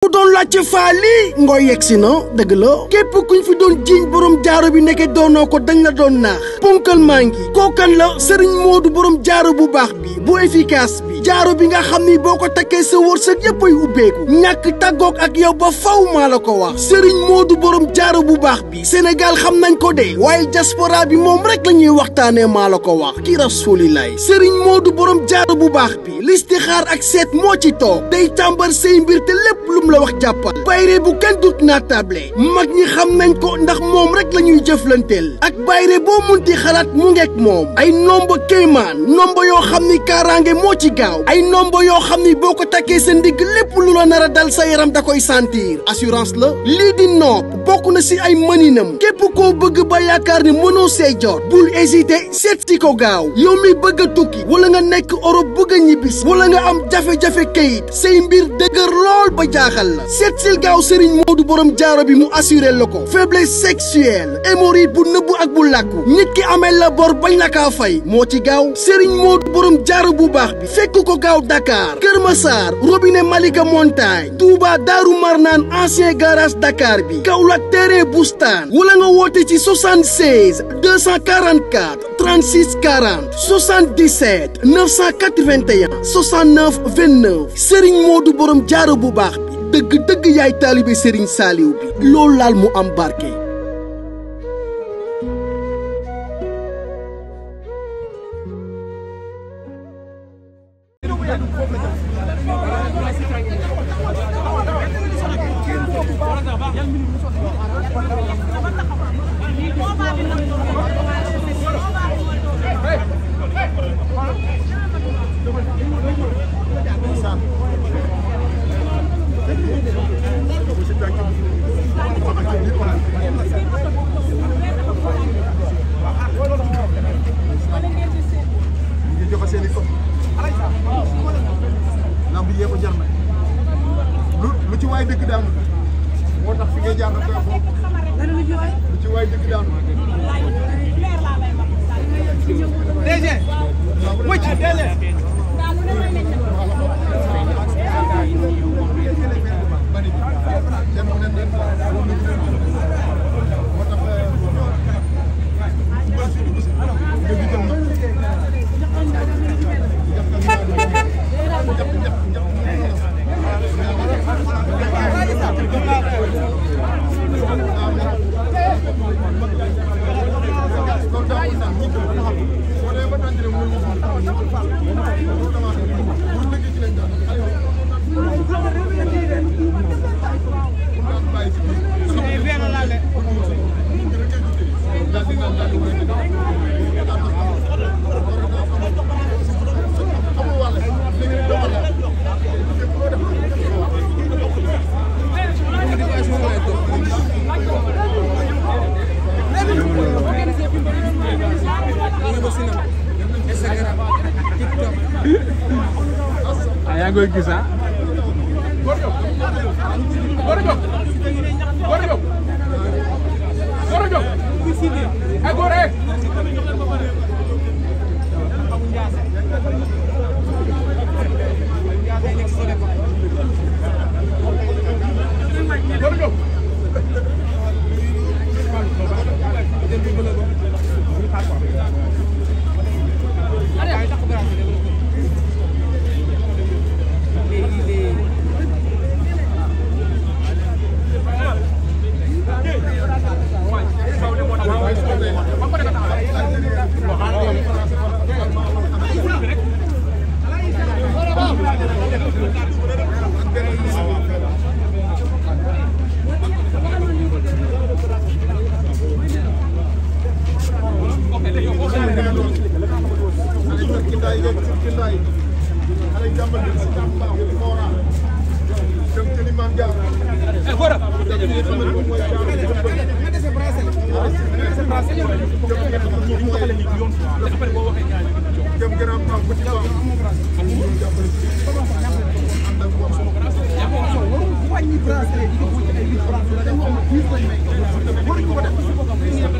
ku doon laajte faali ngooy yegsi na dëgg la képp kuñ fi doon jiiñ borom jaaro bi nekke doonoo ko dañ la doon naax ponkal maa ngi kookan la sëriñ du borom jaaro bu baax bi bu efficace bi jaaro bi nga xam ni boo ko takkee sa wërsëg yépp ay ubbeeku ñàkk tàggoog ak yow ba faw maa la ko wax sëriñ moodu borom jaaro bu baax bi Sénégal xam nañ ko de waaye diaspora bi moom rek la waxtaanee maa la ko wax ki rasulilaay sëriñ moodu borom jaaro bu baax bi listixaar ak seet moo ci toog day tàmbar say mbir te moom la wax jàppal bayre bu kenn dut naa table mag ñi xam nañ ko ndax moom rek la ñuy jëflanteel ak bayre boo munti xalaat mu ngeek moom ay nomba kéemaan nomba yoo xam ni kaaraange moo ci gaaw ay nomba yoo xam ni boo ko takkee sa ndigg lépp lu la nar a dal sa yaram da koy sentir assurance la lii di nopp bokk na si ay mëninam képp koo bëgg ba yaakaar ni mënoo see jot bul hésiter seet si ko gaaw yow mi bëgg tukki wala nga nekk Europe bëgg a ñibbis wala nga am jafe-jafe kayit mbir dëgër lool ba neexal la seet gaaw Serigne Modou borom jaaro bi mu assuré la ko faiblesse sexuelle hémorroïde bu nëbbu ak bu làkku nit ki amel la bor bañ la kaa fay moo ci gaaw Serigne Modou borom jaaro bu baax bi fekk ko gaaw Dakar Kër Massar robinet Malika Montagne Touba Daaru Marnaan ancien garage Dakar bi Kaolack terrain Boustan wala nga woote ci 76 244 36 40 77 981 69 29 Serigne Modou borom jaaro bu baax dëgg dëgg yaay taalibe Serigne Saliou bi loolu mu am barke. ngi koy gis ah. Gora Diop Gora Diop Gora Diop ay Gora Ndiaye léegi ci ci Ndaye xale yi jàmbal bi ci jàmba Fora dem ci li maam jaar eh Fora dem ci sama ko moy jaar ma dese brasel ma dese brasel yow ñu ko xale ni yoon après boo waxee gaay dem grand pas bu ci baax amu brasel amu jàmbal ci sama fa ñam ànd ak moom sama brasel ya ko so waru wàññi brasel di ko ci ay brasel da wax ma ñu koy may waru ko def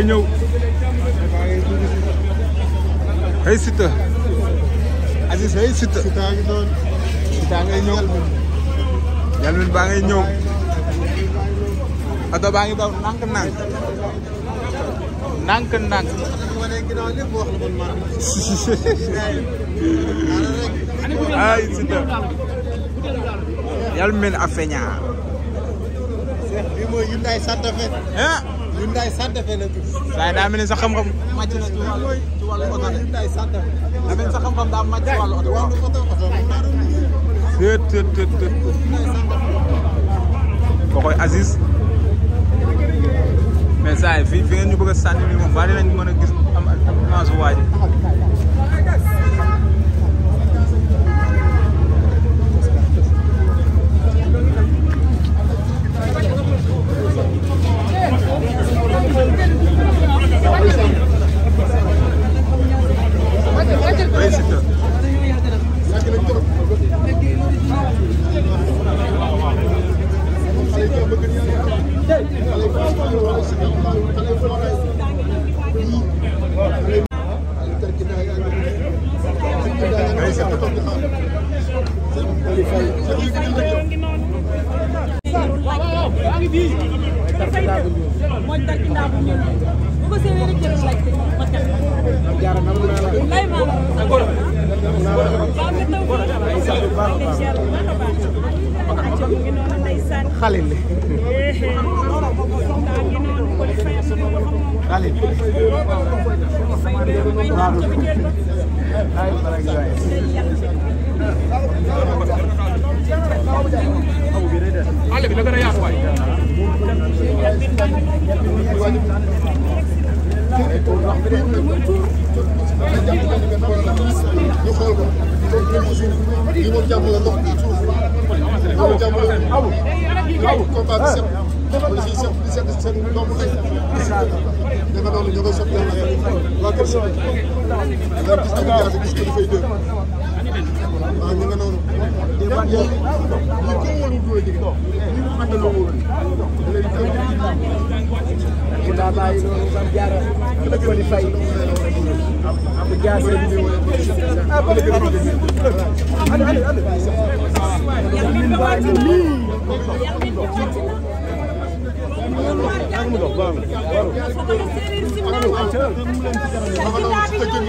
day ñëw ay Siteu Aziz ay Siteu Siteu ngay ñëw yalmin baa oto baa ngi daw nànk nànk nànk nànk ay Siteu yalmin a feña li Nday Santefé la tudd. Nday sa xam-xam. màcc na ci wàllu ci wàllu oto de. Nday Santefé. daa mel ni sa Aziz. mais saa yi fii fi ngeen ñu bëgg a sànni nii moom bari nañ mën a gis am am Khalil Khalil ale bi la gën a yaatu waay ñu xool ko li moom jàmm la ndox bi suuf loolu combat on de waaw ñu nga noonu. démb yi ñu ko wóorul góor jigéen ñi mu àndal loo wóorul. bu laa bàyyi noonu Mame Diarra ak Coly Faye bu jaar seen bi wala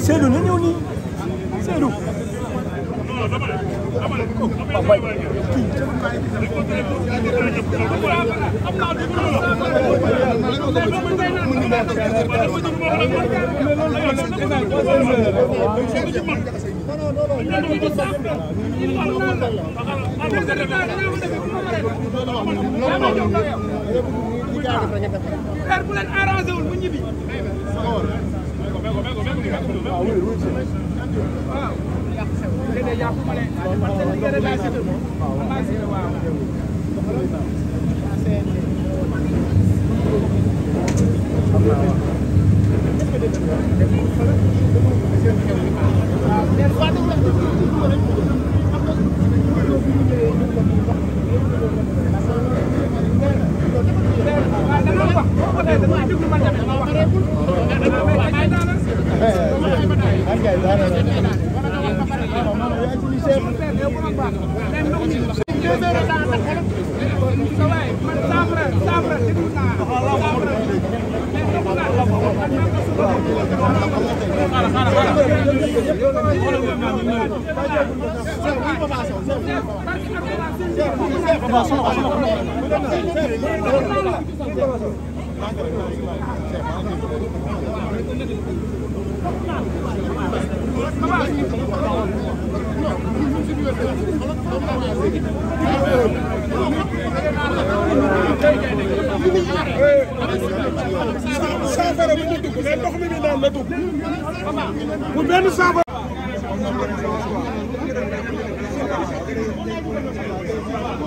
Seydou na ñëw nii Seydou. bu waaw saafara bu mu dugg mais ndox mi ñu naan la dugg bu benn saafara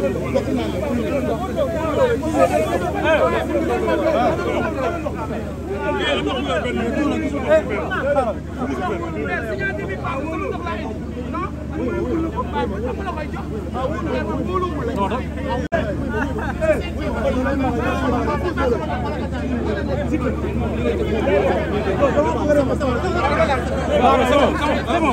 C'est bon, c'est bon.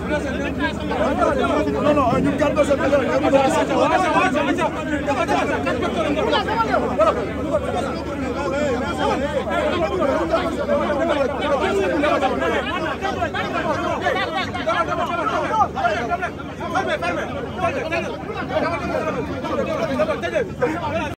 No, no, you can't no